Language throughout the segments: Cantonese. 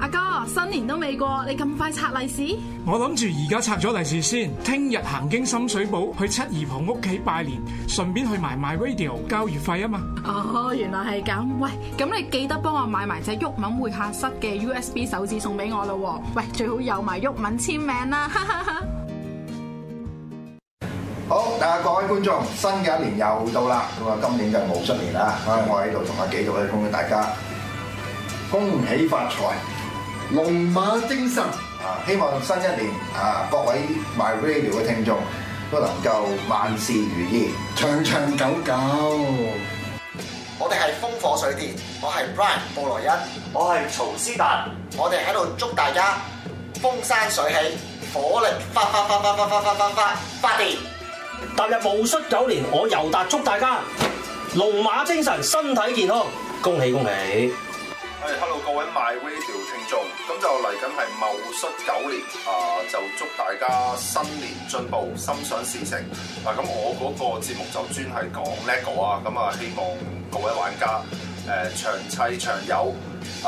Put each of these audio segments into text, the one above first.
阿哥，新年都未過，你咁快拆利是？我諗住而家拆咗利是先，聽日行經深水埗去七姨婆屋企拜年，順便去埋 MyRadio 交月費啊嘛。哦，原來係咁。喂，咁你記得幫我買埋隻郁文會客室嘅 USB 手指送俾我咯。喂，最好有埋郁文簽名啦。哈哈哈哈，好，大家各位觀眾，新嘅一年又到啦，咁啊，今年就冇出年啦。的我喺度同阿幾度去恭喜大家，恭喜發財。龍馬精神啊！希望新一年啊，各位 My Radio 嘅聽眾都能夠萬事如意，長長久久。我哋係風火水電，我係 Brian 布萊恩，我係曹思達，我哋喺度祝大家風生水起，火力發發發發發發發發發發發！Party，踏入戊戌九年，我尤達祝大家龍馬精神，身體健康，恭喜恭喜！係，hello 各位 My Radio 聽眾，咁就嚟緊係戊戌九年，啊，就祝大家新年進步，心想事成。嗱，咁我嗰個節目就專係講 g o 啊，咁啊，希望各位玩家誒，長砌長有，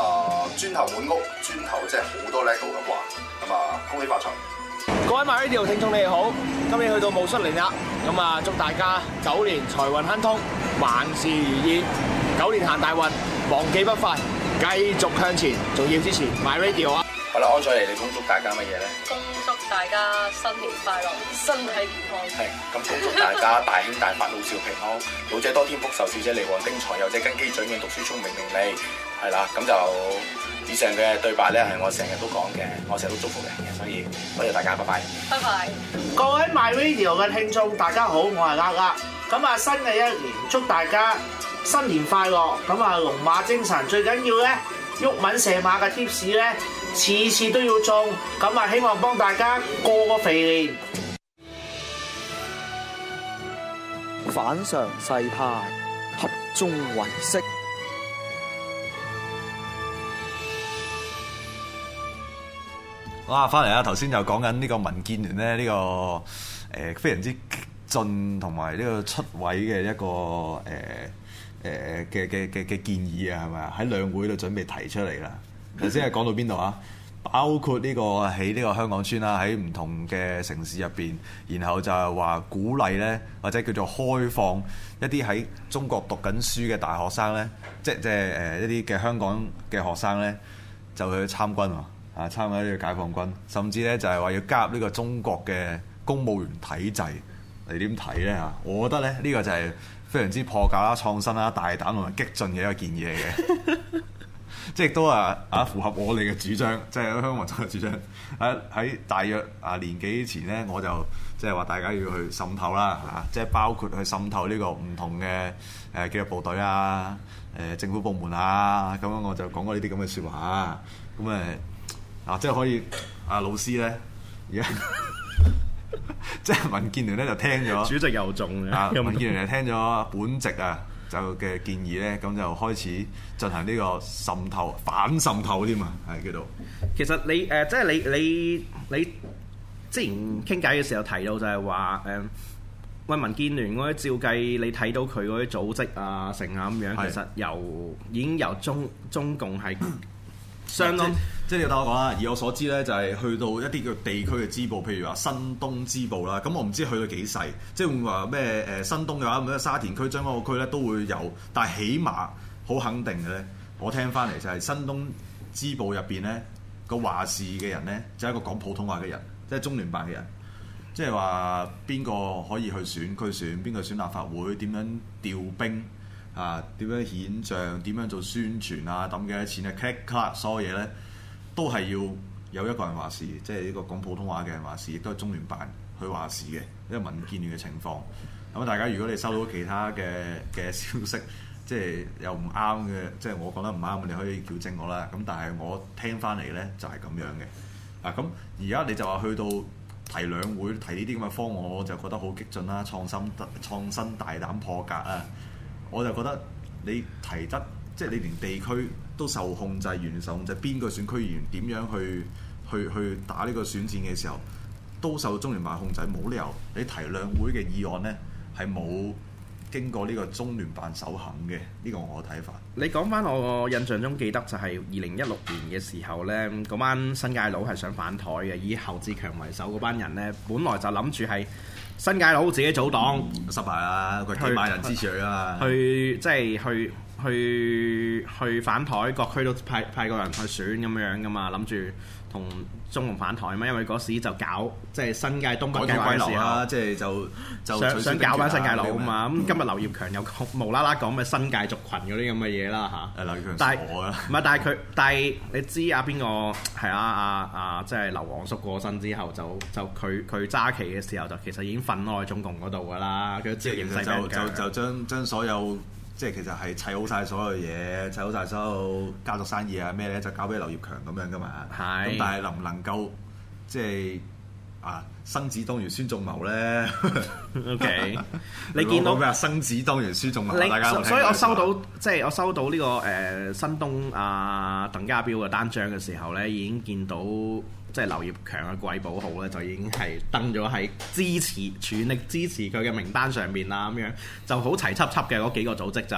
啊，磚頭滿屋，磚頭即係好多 l 叻哥咁玩，咁啊，恭喜發財！各位 My Radio 聽眾你好，今年去到戊戌年啦，咁啊，祝大家九年財運亨通，萬事如意，九年行大運，忘記不快。繼續向前，仲要支持 MyRadio 啊！好啦，安彩麗，你恭祝大家乜嘢咧？恭祝大家新年快樂，身體健康。係咁，恭祝大家大興大發，老少平安，老者多添福壽，少者來旺丁財，幼者根基準，讀書聰明伶俐。係啦，咁就以上嘅對白咧，係我成日都講嘅，我成日都祝福嘅，所以多謝大家，拜拜。拜拜，各位 MyRadio 嘅聽眾，大家好，我係阿阿，咁啊，新嘅一年，祝大家。新年快樂！咁啊，龍馬精神最緊要咧，毓民射馬嘅 tips 咧，次次都要中。咁啊，希望幫大家過個肥年。反常世態，合眾唯識。好啊，翻嚟啦！頭先就講緊呢個民建聯咧，呢、呢個誒、呃、非常之進同埋呢個出位嘅一個誒誒嘅嘅嘅建議啊，係咪啊？喺兩會度準備提出嚟啦。頭先係講到邊度啊？包括呢個喺呢個香港村啦，喺唔同嘅城市入邊，然後就係話鼓勵呢，或者叫做開放一啲喺中國讀緊書嘅大學生呢，即即誒、呃、一啲嘅香港嘅學生呢，就去參軍啊，參加呢個解放軍，甚至呢就係話要加入呢個中國嘅公務員體制。你點睇咧嚇？我覺得咧呢、這個就係非常之破格啦、創新啦、大膽同埋激進嘅一個建議嚟嘅、 啊，即係都啊啊符合我哋嘅主張，即係香港人嘅主張。喺喺大約啊年幾前咧，我就即係話大家要去滲透啦嚇、啊，即係包括去滲透呢個唔同嘅誒紀律部隊啊、誒、呃、政府部門啊，咁樣我就講過呢啲咁嘅説話咁誒啊，即係可以啊老師咧而家。 即係民建聯咧就聽咗，主席又中啊！民建聯就聽咗本席啊，就嘅建議咧，咁就開始進行呢個滲透、反滲透添啊，係叫做。其實你誒、呃，即係你你你，你你之前傾偈嘅時候提到就係話，誒、呃，喂，民建聯嗰啲照計，你睇到佢嗰啲組織啊、成啊咁樣，是的 其實由已經由中中共係相當的。嗯即係你等我講啦。以我所知咧，就係、是、去到一啲叫地區嘅支部，譬如話新東支部啦。咁我唔知去到幾細，即係會唔會話咩誒新東嘅話咁嘅沙田區將軍澳區咧都會有。但係起碼好肯定嘅咧，我聽翻嚟就係新東支部入邊咧個話事嘅人咧就係、是、一個講普通話嘅人，即係中聯辦嘅人。即係話邊個可以去選區選？邊個選立法會？點樣調兵啊？點樣顯象？點樣做宣傳啊？抌幾多錢啊 k i c card 所有嘢咧。都係要有一個人話事，即係呢個講普通話嘅人話事，亦都係中聯辦去話事嘅，因為民建聯嘅情況。咁大家如果你收到其他嘅嘅消息，即係又唔啱嘅，即係我講得唔啱，你可以糾正我啦。咁但係我聽翻嚟呢，就係咁樣嘅。咁而家你就話去到提兩會提呢啲咁嘅方案，我就覺得好激進啦，創新、創新、大膽破格啊！我就覺得你提得。即係你連地區都受控制，完全受控制。邊個選區議員點樣去去去打呢個選戰嘅時候，都受中聯辦控制，冇理由你提兩會嘅議案呢，係冇經過呢個中聯辦首肯嘅。呢、呢個我睇法。你講翻我印象中記得就係二零一六年嘅時候呢。嗰班新界佬係想反台嘅，以侯志強為首嗰班人呢，本來就諗住係新界佬自己組黨，嗯、失敗啊，佢幾萬人支持佢啊去即係去。去去去反台，各區都派派個人去選咁樣噶嘛，諗住同中共反台嘛，因為嗰時就搞即係新界東北嘅歸流啦、啊，時候 即係就就上 想，想搞翻新界流啊嘛。咁、嗯、今日劉業強又講無啦啦講咩新界族群嗰啲咁嘅嘢啦嚇。但係唔係？但係佢但係你知啊？邊個係啊？啊啊！即係劉皇叔過身之後，就就佢佢揸旗嘅時候，就其實已經分開中共嗰度噶啦。佢即係其實就就就將將所有。即係其實係砌好晒所有嘢，砌好晒所有家族生意啊咩咧，就交俾劉業強咁樣噶嘛。係是。咁但係能唔能夠即係啊生子當如孫仲謀咧 ？OK， 你見到咩啊 生子當如孫仲謀你大家。所以，我收到即係嗎我收到呢個誒新東阿鄧家彪嘅單張嘅時候咧，已經見到。即係劉業強嘅貴寶號咧，就已經係登咗喺支持、全力支持佢嘅名單上面啦。咁樣就好齊輯輯嘅嗰幾個組織就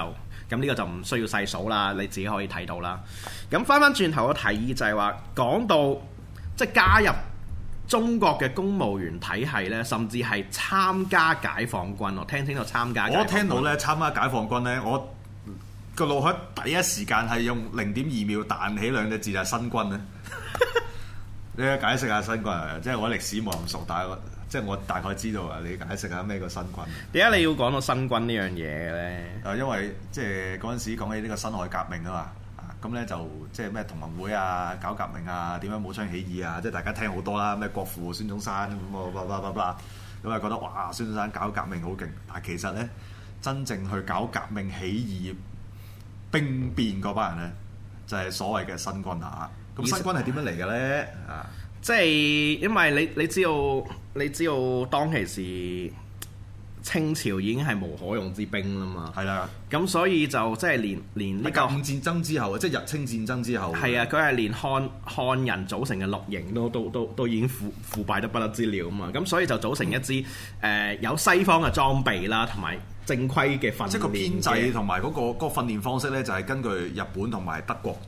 咁，呢個就唔需要細數啦。你自己可以睇到啦。咁翻翻轉頭嘅提議就係話講到即係加入中國嘅公務員體系呢，甚至係參加解放軍。我聽清楚參加。我聽到咧參加解放軍呢， 我個腦海第一時間係用零點二秒彈起兩個字就係、是、新軍啊！ 你解釋下新軍啊，即係我歷史冇咁熟，但係即係我大概知道啊。你解釋下咩叫新軍？點解你要講到新軍呢樣嘢咧？啊，因為即係嗰陣時講起呢個辛亥革命啊嘛，咁咧就即係咩同盟會啊，搞革命啊，點樣武昌起義啊，即係大家聽好多啦。咩國父孫中山咁啊，咁啊，覺得哇，孫中山搞革命好勁。但係其實咧，真正去搞革命起義、兵變嗰班人咧，就係所謂嘅新軍啊。咁新軍係點樣嚟嘅咧？啊，即係因為你你知道，你知道當其時清朝已經係無可用之兵啦嘛。係啦的，咁所以就即係連連呢、這、嚿、個。甲五戰爭之後，即係日清戰爭之後。係啊，佢係連漢漢人組成嘅綠營都都都都已經腐腐敗得不得之了嘛。咁所以就組成一支誒、嗯呃、有西方嘅裝備啦，同埋正規嘅訓練。即係個編制同埋嗰個、那個訓練方式咧，就係根據日本同埋德國。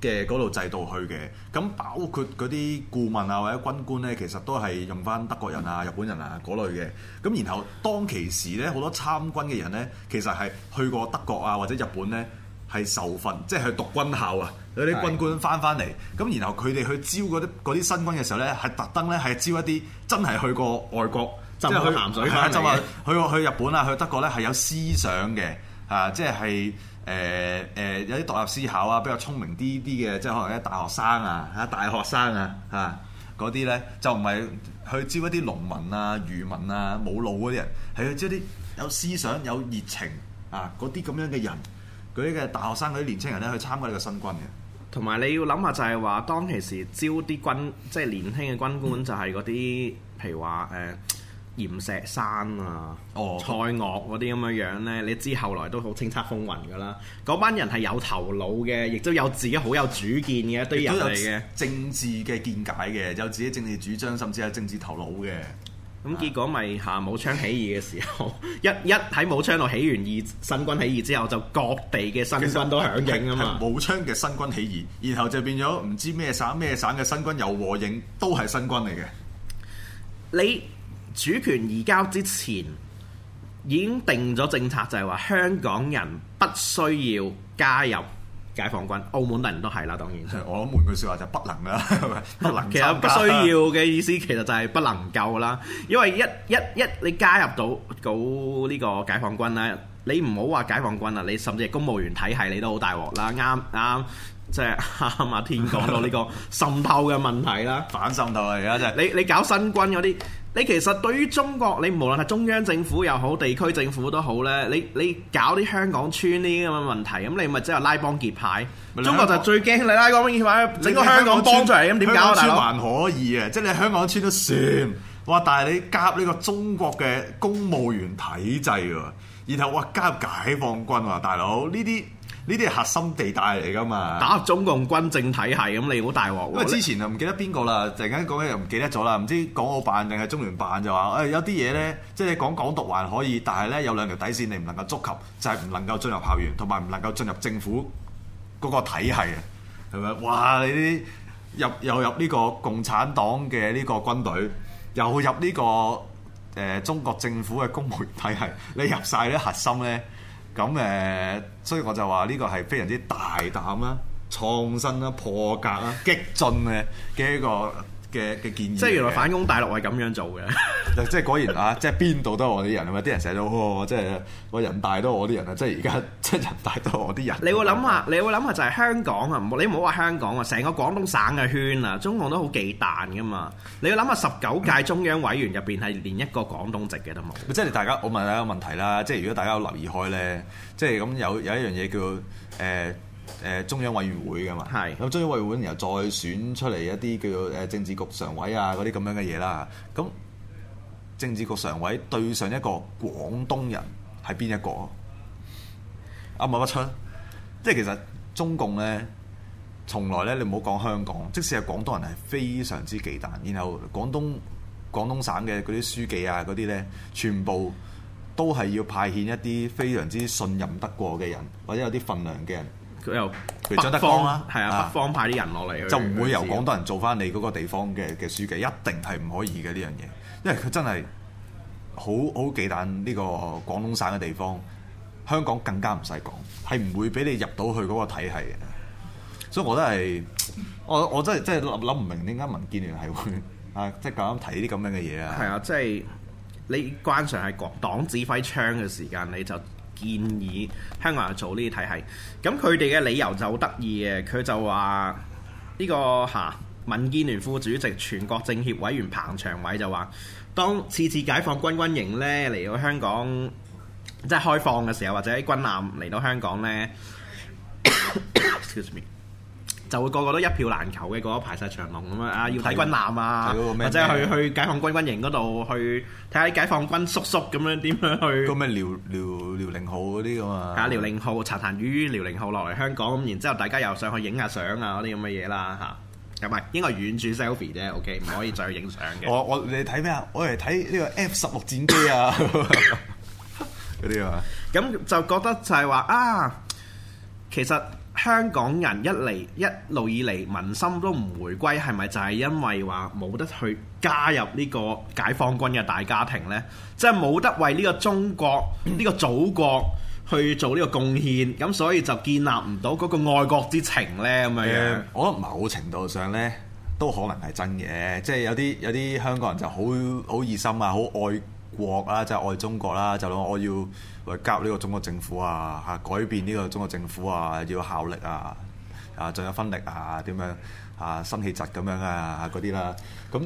嘅嗰度制度去嘅，咁包括嗰啲顧問啊或者軍官咧，其實都係用翻德國人啊、日本人啊嗰類嘅。咁然後當其時咧，好多參軍嘅人咧，其實係去過德國啊或者日本咧，係受訓即係去讀軍校啊。有啲軍官翻翻嚟，咁是然後佢哋去招嗰啲嗰啲新軍嘅時候咧，係特登咧係招一啲真係去過外國浸過鹹水去，去去日本啊去德國咧、啊、係有思想嘅。啊！即係誒誒有啲獨立思考啊，比較聰明啲啲嘅，即係可能啲大學生啊、嚇大學生啊嚇嗰啲呢，就唔係去招一啲農民啊、漁民啊冇腦嗰啲人，係去招啲有思想、有熱情啊嗰啲咁樣嘅人，嗰啲嘅大學生、嗰啲年青人呢，去參加呢個新軍嘅。同埋你要諗下就，就係話當其時招啲軍，即係年輕嘅軍官就，就係嗰啲，譬如話誒。呃閻錫山啊，哦、蔡鍔嗰啲咁嘅樣呢，你知後來都好叱吒風雲噶啦。嗰班人係有頭腦嘅，亦都有自己好有主見嘅一堆人嚟嘅，政治嘅見解嘅，有自己政治主張，甚至有政治頭腦嘅。咁、啊、結果咪下武昌起義嘅時候， 一一喺武昌度起完義，新軍起義之後，就各地嘅新軍都響應啊嘛。武昌嘅新軍起義，然後就變咗唔知咩省咩省嘅新軍有和應，都係新軍嚟嘅。你。主權移交之前已經定咗政策，就係話香港人不需要加入解放軍，澳門人都係啦，當然。我換句説話就不能啦、啊， 不能參。其實不需要嘅意思，其實就係不能夠啦，因為一一一你加入到到呢個解放軍咧，你唔好話解放軍啦，你甚至公務員體系，你都好大鑊啦。啱啱即係阿天講到呢個滲透嘅問題啦， 反滲透嚟噶，而家就係你你搞新軍嗰啲。你其實對於中國，你無論係中央政府又好，地區政府都好咧，你你搞啲香港村呢啲咁嘅問題，咁你咪即係拉幫結派。中國就最驚你拉幫結派，整個香港幫出嚟，咁點搞，大佬？還可以啊，即係你香港村都算，哇！但係你加入呢個中國嘅公務員體制喎，然後哇加入解放軍啊，大佬呢啲。呢啲係核心地帶嚟㗎嘛，打入中共軍政體系，咁你好大鑊。因為之前就唔記得邊個啦，突然間講起又唔記得咗啦，唔知港澳辦定係中聯辦就話，誒有啲嘢呢，即係你講港獨還可以，但係呢有兩條底線你唔能夠觸及，就係、是、唔能夠進入校園，同埋唔能夠進入政府嗰個體系啊，係咪？哇！你啲入又入呢個共產黨嘅呢個軍隊，又入呢、這個誒、呃、中國政府嘅公務員體系，你入晒啲核心呢。咁誒，所以我就話呢個係非常之大膽啦、創新啦、破格啦、激進嘅嘅一個嘅嘅建議。即係原來反攻大陸係咁樣做嘅。 即係 果然啊！即係邊度都我啲人啊！啲人成日都，即係我人大都我啲人啊！即係而家即係人大都我啲人。你會諗下，你會諗下，就係香港啊！你唔好話香港啊，成個廣東省嘅圈啊，中共都好忌憚噶嘛。你要諗下，十九屆中央委員入邊係連一個廣東籍嘅都冇。即係大家，我問大家個問題啦。即係如果大家有留意開呢，即係咁有有一樣嘢叫做誒、呃呃、中央委員會噶嘛。係。咁中央委員會然後再選出嚟一啲叫做誒政治局常委啊嗰啲咁樣嘅嘢啦。咁政治局常委對上一個廣東人係邊一個？啱唔啱出？即係其實中共呢，從來呢，你唔好講香港，即使係廣東人係非常之忌憚，然後廣東廣東省嘅嗰啲書記啊嗰啲呢，全部都係要派遣一啲非常之信任得過嘅人，或者有啲份量嘅人。佢又，譬如張德江啦，係啊，北方派啲人落嚟，啊、就唔會由廣東人做翻你嗰個地方嘅嘅書記，一定係唔可以嘅呢樣嘢。因為佢真係好好忌憚呢個廣東省嘅地方，香港更加唔使講，係唔會俾你入到去嗰個體系嘅。所以我都係，我我真係真係諗唔明點解民建聯係會,會啊，即係咁啱提啲咁樣嘅嘢啊！係啊，即係你關上係黨指揮槍嘅時間，你就建議香港人做呢啲體系。咁佢哋嘅理由就好得意嘅，佢就話呢、這個嚇。啊民建聯副主席、全國政協委員彭長偉就話：當次次解放軍軍營呢，嚟到香港，即係開放嘅時候，或者喺軍艦嚟到香港呢， excuse me, 就會個個都一票難求嘅，嗰、那個、排晒長龍咁啊！要睇軍艦啊，啊或者去去解放軍軍營嗰度去睇下解放軍叔叔咁樣點樣去咁咩遼遼遼寧號嗰啲咁啊？啊，遼寧號、茶痰魚、遼寧號落嚟香港咁、啊，然之後大家又上去影下相啊，嗰啲咁嘅嘢啦，嚇、啊。咁咪應該遠處 selfie 啫，OK，唔可以再去影相嘅。我我你睇咩啊？我嚟睇呢個 F 十六戰機啊，嗰啲 啊 吧。咁就覺得就係話啊，其實香港人一嚟一路以嚟民心都唔回歸，係咪就係因為話冇得去加入呢個解放軍嘅大家庭呢？即係冇得為呢個中國呢、呢個祖國。 去做呢個貢獻，咁所以就建立唔到嗰個愛國之情呢。咁樣、嗯。我覺得某程度上呢，都可能係真嘅，即係有啲有啲香港人就好好熱心啊，好愛國啦，即、就、係、是、愛中國啦，就諗我要為夾呢個中國政府啊，嚇改變呢個中國政府啊，要效力啊，啊盡一分力啊，點樣，樣啊心氣疾咁樣啊嗰啲啦。咁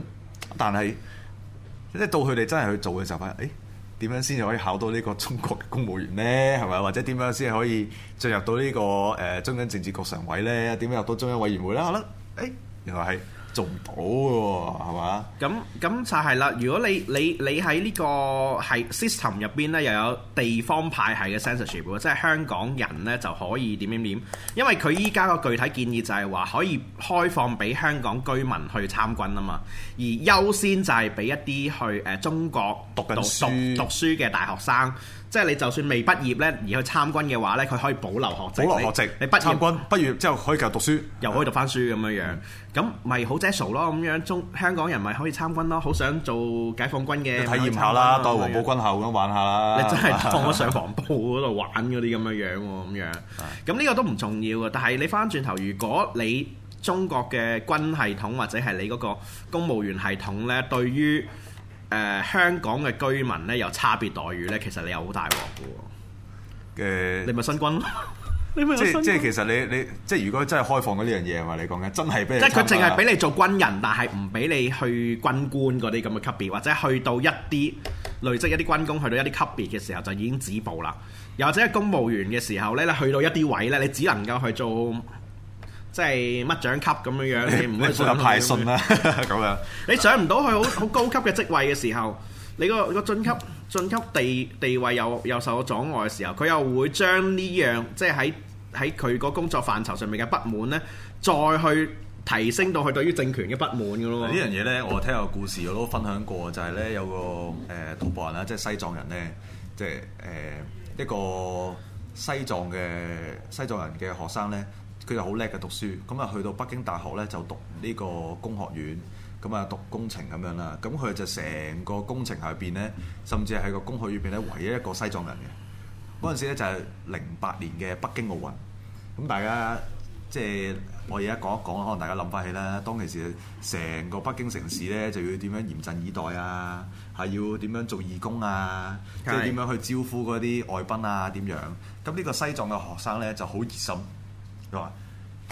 但係即係到佢哋真係去做嘅時候，咧、哎、誒。點樣先至可以考到呢個中國公務員呢？係嘛？或者點樣先係可以進入到呢、這個、呃、中央政治局常委咧？點入到中央委員會呢？我諗，誒、哎，原來係。做唔到喎，係嘛？咁咁就係啦。如果你你你喺呢個系 system 入邊咧，又有地方派系嘅 censorship，即係香港人咧就可以點點點。因為佢依家個具體建議就係話可以開放俾香港居民去參軍啊嘛，而優先就係俾一啲去誒中國讀讀讀讀書嘅大學生，即係你就算未畢業咧而去參軍嘅話咧，佢可以保留學籍，保留學籍，你畢業參軍，畢業之後可以繼續讀書，又可以讀翻書咁樣、嗯、樣，咁咪好。咯咁樣中香港人咪可以參軍咯，好想做解放軍嘅。體驗下啦，當黃埔軍後咁玩下啦。你真係放咗上黃埔嗰度玩嗰啲咁樣樣喎，咁 樣。咁呢個都唔重要嘅，但係你翻轉頭，如果你中國嘅軍系統或者係你嗰個公務員系統呢，對於誒、呃、香港嘅居民呢，有差別待遇呢，其實你又好大鑊嘅。嘅那，你咪新軍。即即其實你你即如果真係開放咗呢樣嘢啊嘛，你講緊真係俾即佢淨係俾你做軍人，但係唔俾你去軍官嗰啲咁嘅級別，或者去到一啲累積一啲軍功，去到一啲級別嘅時候就已經止步啦。又或者公務員嘅時候咧，去到一啲位咧，你只能夠去做即係乜長級咁樣樣，你唔可以升得太順啦咁樣。你上唔到去好好高級嘅職位嘅時候，你個個晉級。晉級地地位又又受到阻礙嘅時候，佢又會將呢樣即係喺喺佢個工作範疇上面嘅不滿呢，再去提升到佢對於政權嘅不滿嘅咯。呢樣嘢呢，都我聽有故事我都分享過，就係、是、呢，有個誒土伯人啦，即係西藏人呢，即係誒、呃、一個西藏嘅西藏人嘅學生呢，佢就好叻嘅讀書，咁啊去到北京大學呢，就讀呢個工學院。咁啊，讀工程咁樣啦，咁佢就成個工程入邊呢，甚至係個工學入邊呢，唯一一個西藏人嘅。嗰陣時咧就係零八年嘅北京奧運，咁大家即係、就是、我而家講一講，可能大家諗翻起啦。當其時成個北京城市呢，就要點樣嚴陣以待啊，係要點樣做義工啊，即係點樣去招呼嗰啲外賓啊，點樣？咁呢個西藏嘅學生呢，就好熱心，佢話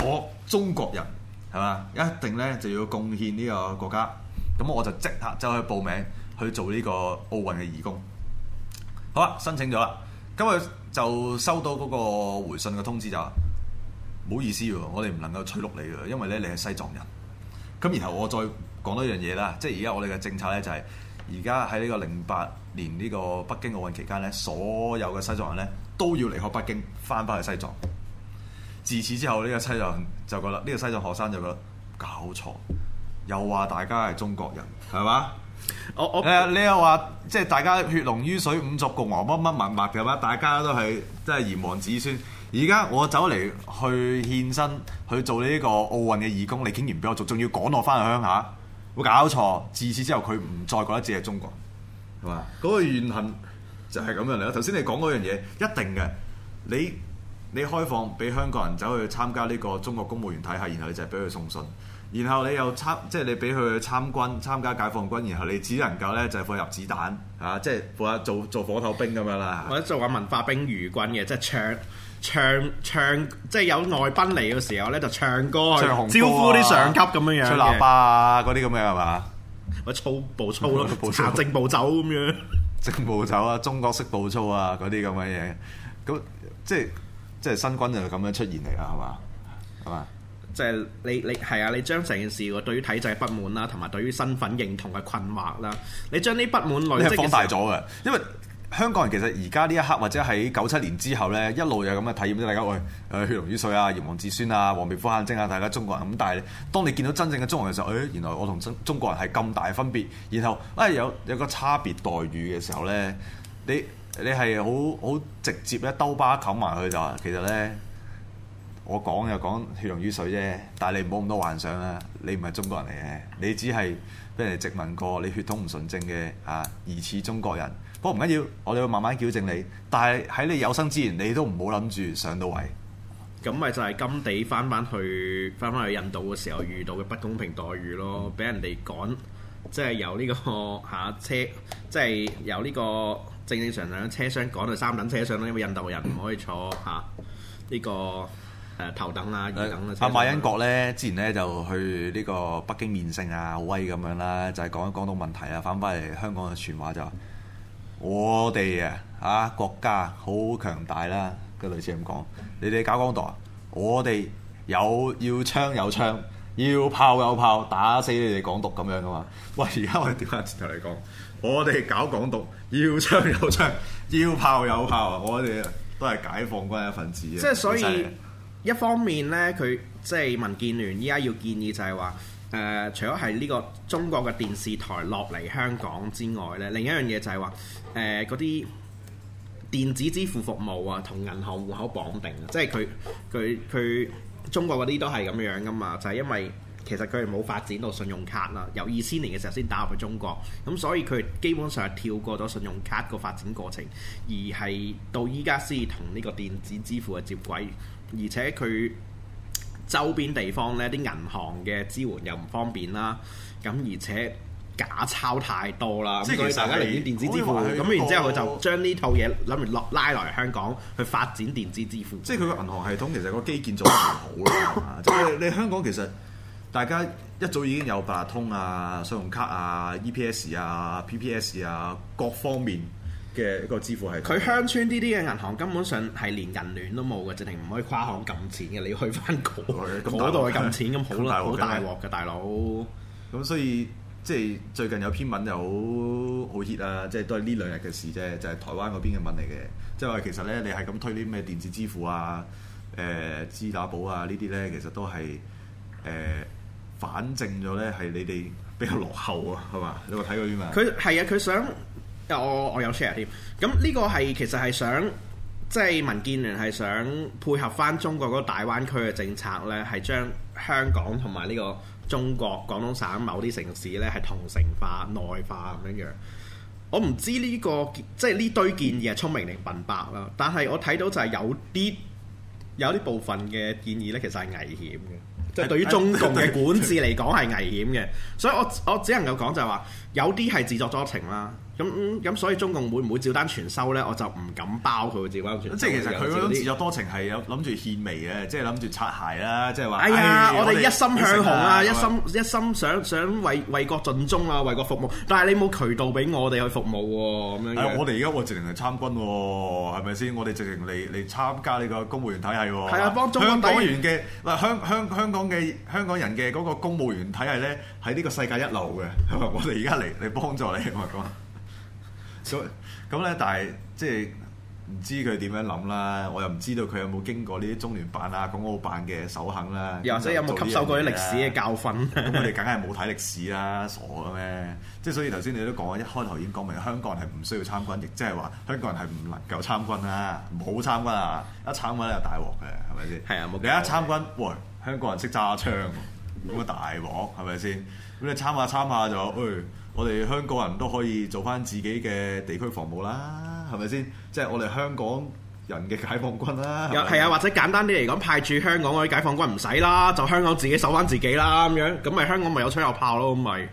我中國人。係嘛？一定咧就要貢獻呢個國家，咁我就即刻走去報名去做呢個奧運嘅義工。好啦，申請咗啦，今日就收到嗰個回信嘅通知就話：唔好意思喎，我哋唔能夠取錄你嘅，因為咧你係西藏人。咁然後我再講多一樣嘢啦，即係而家我哋嘅政策咧就係，而家喺呢個零八年呢個北京奧運期間咧，所有嘅西藏人咧都要離開北京，翻返去西藏。自此之後，呢個西藏就覺得呢個西藏學生就覺得搞錯，又話大家係中國人，係嘛？我我你又話即係大家血濃於水，五族共和，乜乜物物嘅嘛？大家都係即係炎黃子孫。而家我走嚟去獻身去做呢個奧運嘅義工，你竟然唔俾我做，仲要趕我翻去鄉下，冇搞錯。自此之後，佢唔再覺得自己係中國，係嘛？嗰個怨恨就係咁樣嚟啦。頭先你講嗰樣嘢，一定嘅你。你開放俾香港人走去參加呢個中國公務員體系，然後你就係俾佢送信，然後你又參，即、就、係、是、你俾佢去參軍、參加解放軍，然後你只能夠咧就係、是、放入子彈，嚇、啊，即係做下做做火頭兵咁樣啦。或者做下文化兵、魚軍嘅，即係唱，唱、唱、唱，即係有外賓嚟嘅時候咧，就唱歌去招呼啲上級咁樣樣嘅。吹、啊、喇叭啊，嗰啲咁嘅係嘛？我操、啊，步操咯、啊，踏正步走咁樣。正步 走啊，中國式步操啊，嗰啲咁嘅嘢，咁即係。 即係新軍就咁樣出現嚟啦，係嘛？係嘛？即係你你係啊！你將成件事個對於體制嘅不滿啦，同埋對於身份認同嘅困惑啦，你將呢不滿累積放大咗嘅。因為香港人其實而家呢一刻或者喺九七年之後呢，一路有咁嘅體驗，即係大家會、呃、血濃於水啊，炎黃子孫啊，黃皮膚黑癥黑眼睛啊，大家中國人咁。但係當你見到真正嘅中、哎、中國人嘅時候，誒原來我同中中國人係咁大分別，然後啊、哎、有有一個差別待遇嘅時候呢。你。你係好好直接一兜巴冚埋去就係。其實呢，我講又講血濃於水啫，但係你唔好咁多幻想啦。你唔係中國人嚟嘅，你只係俾人哋殖民過，你血統唔純正嘅啊，疑似中國人。不過唔緊要，我哋會慢慢矯正你。但係喺你有生之年，你都唔好諗住上到位。咁咪就係甘地翻翻去翻翻去印度嘅時候遇到嘅不公平待遇咯，俾人哋趕，即係由呢個下、啊、車，即係由呢個。正正常常車廂改到三等車廂啦，因為印度人唔可以坐嚇呢、啊呢個誒、啊、頭等、二等啊。阿馬恩國咧之前咧就去呢個北京面聖啊好威咁樣啦，就係、是、講一港獨問題啊，翻返嚟香港嘅傳話就話我哋啊啊國家好強大啦，個類似咁講。你哋搞港獨啊？我哋有要槍有槍。要炮有炮，打死你哋港獨咁樣噶嘛？喂！而家我哋調下節頭嚟講，我哋搞港獨，要槍有槍，要炮有炮，我哋都係解放軍一份子，即係所以一，直一方面呢，佢即係民建聯依家要建議就係話，誒、呃，除咗係呢個中國嘅電視台落嚟香港之外咧，另一樣嘢就係話，誒、呃，嗰啲電子支付服務啊，同銀行戶口綁定，即係佢佢佢。中國嗰啲都係咁樣噶嘛，就係因為其實佢哋冇發展到信用卡啦，由二千年嘅時候先打入去中國，咁所以佢基本上係跳過咗信用卡個發展過程，而係到依家先至同呢個電子支付嘅接軌，而且佢周邊地方呢啲銀行嘅支援又唔方便啦，咁而且。假鈔太多啦，即係佢大家寧願電子支付，咁然之後佢就將呢套嘢諗完落拉嚟香港去發展電子支付。即係佢個銀行系統其實個基建做得唔好啦，即係、 就係、你，你香港其實大家一早已經有八達通啊、信用卡啊、EPS 啊、PPS 啊各方面嘅一個支付系統。佢鄉村呢啲嘅銀行根本上係連銀聯都冇嘅，直情唔可以跨行撳錢嘅，你要去翻嗰嗰度去撳錢咁，好好大鑊嘅 大佬。咁所以。即係最近有篇文又好好 hit 啊！即係都係呢兩日嘅事啫，就係、是、台灣嗰邊嘅文嚟嘅，即係話其實呢，你係咁推啲咩電子支付啊、誒、呃、支打寶啊呢啲呢，其實都係誒、呃、反證咗呢，係你哋比較落後啊，係嘛？你有冇睇過啲文？佢係啊，佢想我我有 share 添。咁呢個係其實係想即係民建聯係想配合翻中國嗰個大灣區嘅政策呢，係將香港同埋呢個。中國廣東省某啲城市呢係同城化、內化咁樣樣，我唔知呢個即係呢堆建議係聰明定笨白啦。但係我睇到就係有啲有啲部分嘅建議呢，其實係危險嘅，即係 對於中共嘅管治嚟講係危險嘅。所以我我只能夠講就係話有啲係自作多情啦。咁咁、嗯嗯，所以中共會唔會照單全收咧？我就唔敢包佢照單全收即，即係其實佢自作多情係有諗住獻媚嘅，即係諗住擦鞋啦，即係話。哎呀，哎呀我哋一心向紅啊，一心是是一心想想，想為為國盡忠啊，為國服務。但係你冇渠道俾我哋去服務喎、啊，咁樣、哎。我哋而家我直情係參軍喎、啊，係咪先？我哋直情嚟嚟參加呢個公務員體系喎、啊。係啊，幫中港黨員嘅嗱香香香港嘅香港人嘅嗰帝遠 個公務員體系咧，喺呢個世界一流嘅。我哋而家嚟嚟幫助你，我話講。所咁咧，但係即係唔知佢點樣諗啦。我又唔知道佢有冇經過呢啲中聯辦啊、港澳辦嘅首肯啦。又或者有冇吸收過啲歷史嘅教訓？咁我哋梗係冇睇歷史啦，傻嘅咩？即係所以頭先你都講一開頭已經講明香港人係唔需要參軍，亦即係話香港人係唔能夠參軍啦、啊，唔好參軍啊，一參軍呢，就大鑊嘅，係咪先？係啊，冇計。你一參軍，喂，香港人識揸槍、啊。 咁嘅大鑊係咪先？咁你參下參下就，誒、哎，我哋香港人都可以做翻自己嘅地區防務啦，係咪先？即、就、係、是、我哋香港人嘅解放軍啦。又係啊，或者簡單啲嚟講，派駐香港嗰啲解放軍唔使啦，就香港自己守翻自己啦，咁樣咁咪香港咪有槍有炮咯，咁咪。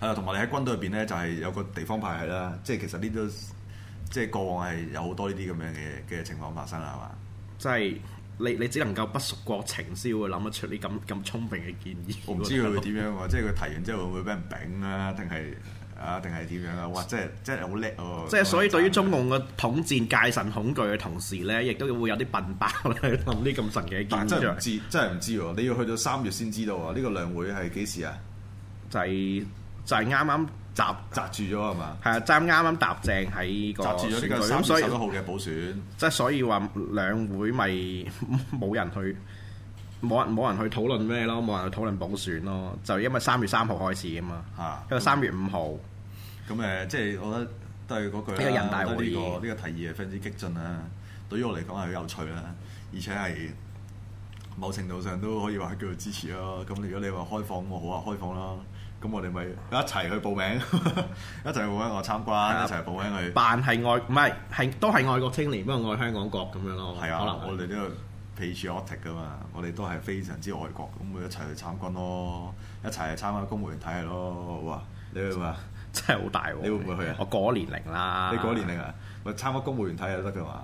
啊，同埋你喺軍隊入邊咧，就係、是、有個地方派係啦。即係、啊就是、其實呢都，即、就、係、是、過往係有好多呢啲咁樣嘅嘅情況發生啦，係嘛？即係。你你只能夠不熟國情先會諗得出呢咁咁聰明嘅建議。我唔知佢會點樣喎， 即係佢提完之後會唔會俾人抌啊？定係啊？定係點樣啊？哇！即係即係好叻哦！即係所以對於中共嘅統戰戒慎恐懼嘅同時咧，亦都會有啲笨爆去諗啲咁神奇嘅建議。真係唔知，真係唔知喎！你要去到三月先知道啊！這個、呢個兩會係幾時啊？就係就係啱啱。擲擲紮住咗係嘛？係啊，閘啱啱搭正喺個選舉，咁所以即係所以話兩會咪冇人去，冇人冇人去討論咩咯，冇人去討論補選咯，就因為三月三號開始啊嘛。嚇！因為三月五號咁誒，即係我覺得都係嗰句，我覺得呢、呢個人大會呢、呢個提議係非常之激進啦。對於我嚟講係好有趣啦，而且係某程度上都可以話係叫做支持咯。咁如果你話開放，我好啊，開放啦。咁我哋咪一齊去報名， 一齊去報名我參軍，的一齊報名去。扮係外唔係係都係愛國青年，不過愛香港國咁樣咯。係啊的，可能我哋呢個 patriotic 㗎嘛，我哋都係非常之愛國，咁咪一齊去參軍咯，一齊去參加公務員體系咯，好啊？你會唔會？真係好大喎！你會唔會去啊？我過咗年齡啦。你過咗年齡啊？咪參加公務員體又得嘅嘛？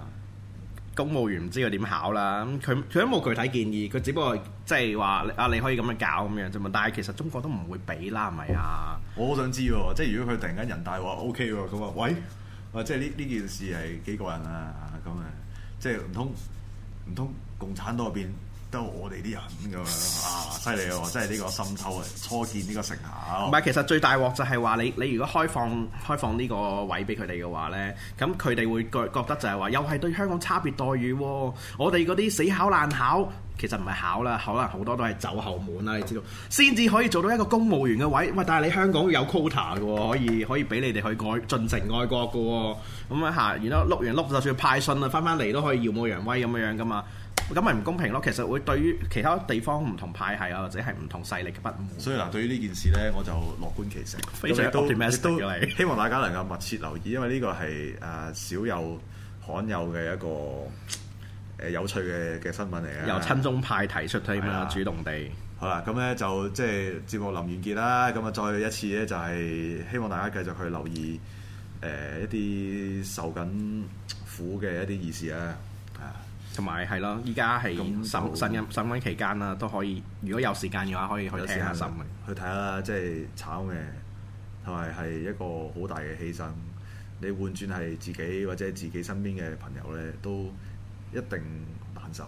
公務員唔知佢點考啦，咁佢佢都冇具體建議，佢只不過即係話啊你可以咁樣搞咁樣啫嘛，但係其實中國都唔會俾啦，係咪啊？我好想知喎，即係如果佢突然間人大話 O K 喎，咁啊、OK，喂，啊即係呢呢件事係幾個人啊？咁啊，即係唔通唔通共產黨嗰邊？都我哋啲人咁樣啊！犀利喎，真係呢個滲透啊，初見呢個成效。唔係，其實最大鑊就係話你，你如果開放開放呢個位俾佢哋嘅話呢，咁佢哋會覺覺得就係話又係對香港差別待遇喎。我哋嗰啲死考爛考，其實唔係考啦，可能好多都係走後門啦，你知道。先至可以做到一個公務員嘅位，喂！但係你香港有 quota 嘅喎，可以可以俾你哋去愛進城愛國嘅喎。咁樣吓，然之後碌完碌，就算派信啊，翻翻嚟都可以耀武揚威咁樣樣噶嘛。咁咪唔公平咯？其實會對於其他地方唔同派系啊，或者係唔同勢力嘅不滿。所以嗱，對於呢件事咧，我就樂觀其成，非常希望大家能夠密切留意，因為呢個係啊、呃、少有罕有嘅一個誒、呃、有趣嘅嘅新聞嚟嘅。由親中派提出，睇咩、啊、主動地、啊、好啦。咁咧就即係節目臨完結啦。咁啊，再一次咧就係、是、希望大家繼續去留意誒、呃、一啲受緊苦嘅一啲意思啦。同埋係咯，依家係審審音審問期間啦，都可以。如果有時間嘅話，可以去聽下審問問，去睇下即係炒嘅，同埋係一個好大嘅犧牲。你換轉係自己或者自己身邊嘅朋友咧，都一定難受。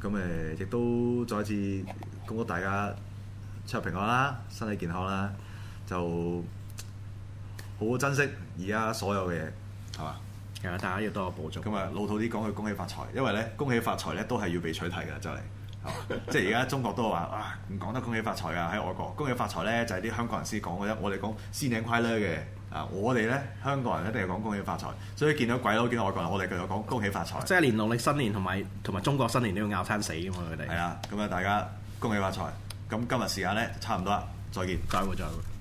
咁誒，亦、嗯嗯、都再一次恭祝大家、嗯、出入平安啦，身體健康啦，就好好珍惜而家所有嘅嘢，係嘛的？的係啊，大家要多個保重。咁啊，老土啲講句，恭喜發財。因為咧，恭喜發財咧都係要被取締㗎，就嚟，即係而家中國都話啊，唔講得恭喜發財啊！喺外國，恭喜發財咧就係啲香港人先講嘅啫。我哋講師奶規律嘅。啊，我哋咧香港人一定係講恭喜發財。所以見到鬼佬見到外國人，我哋繼續講恭喜發財。即係連農曆新年同埋同埋中國新年都要拗餐死㗎嘛！佢哋。係啊，咁啊，大家恭喜發財。咁今日時間咧差唔多啦，再見。再會，再會。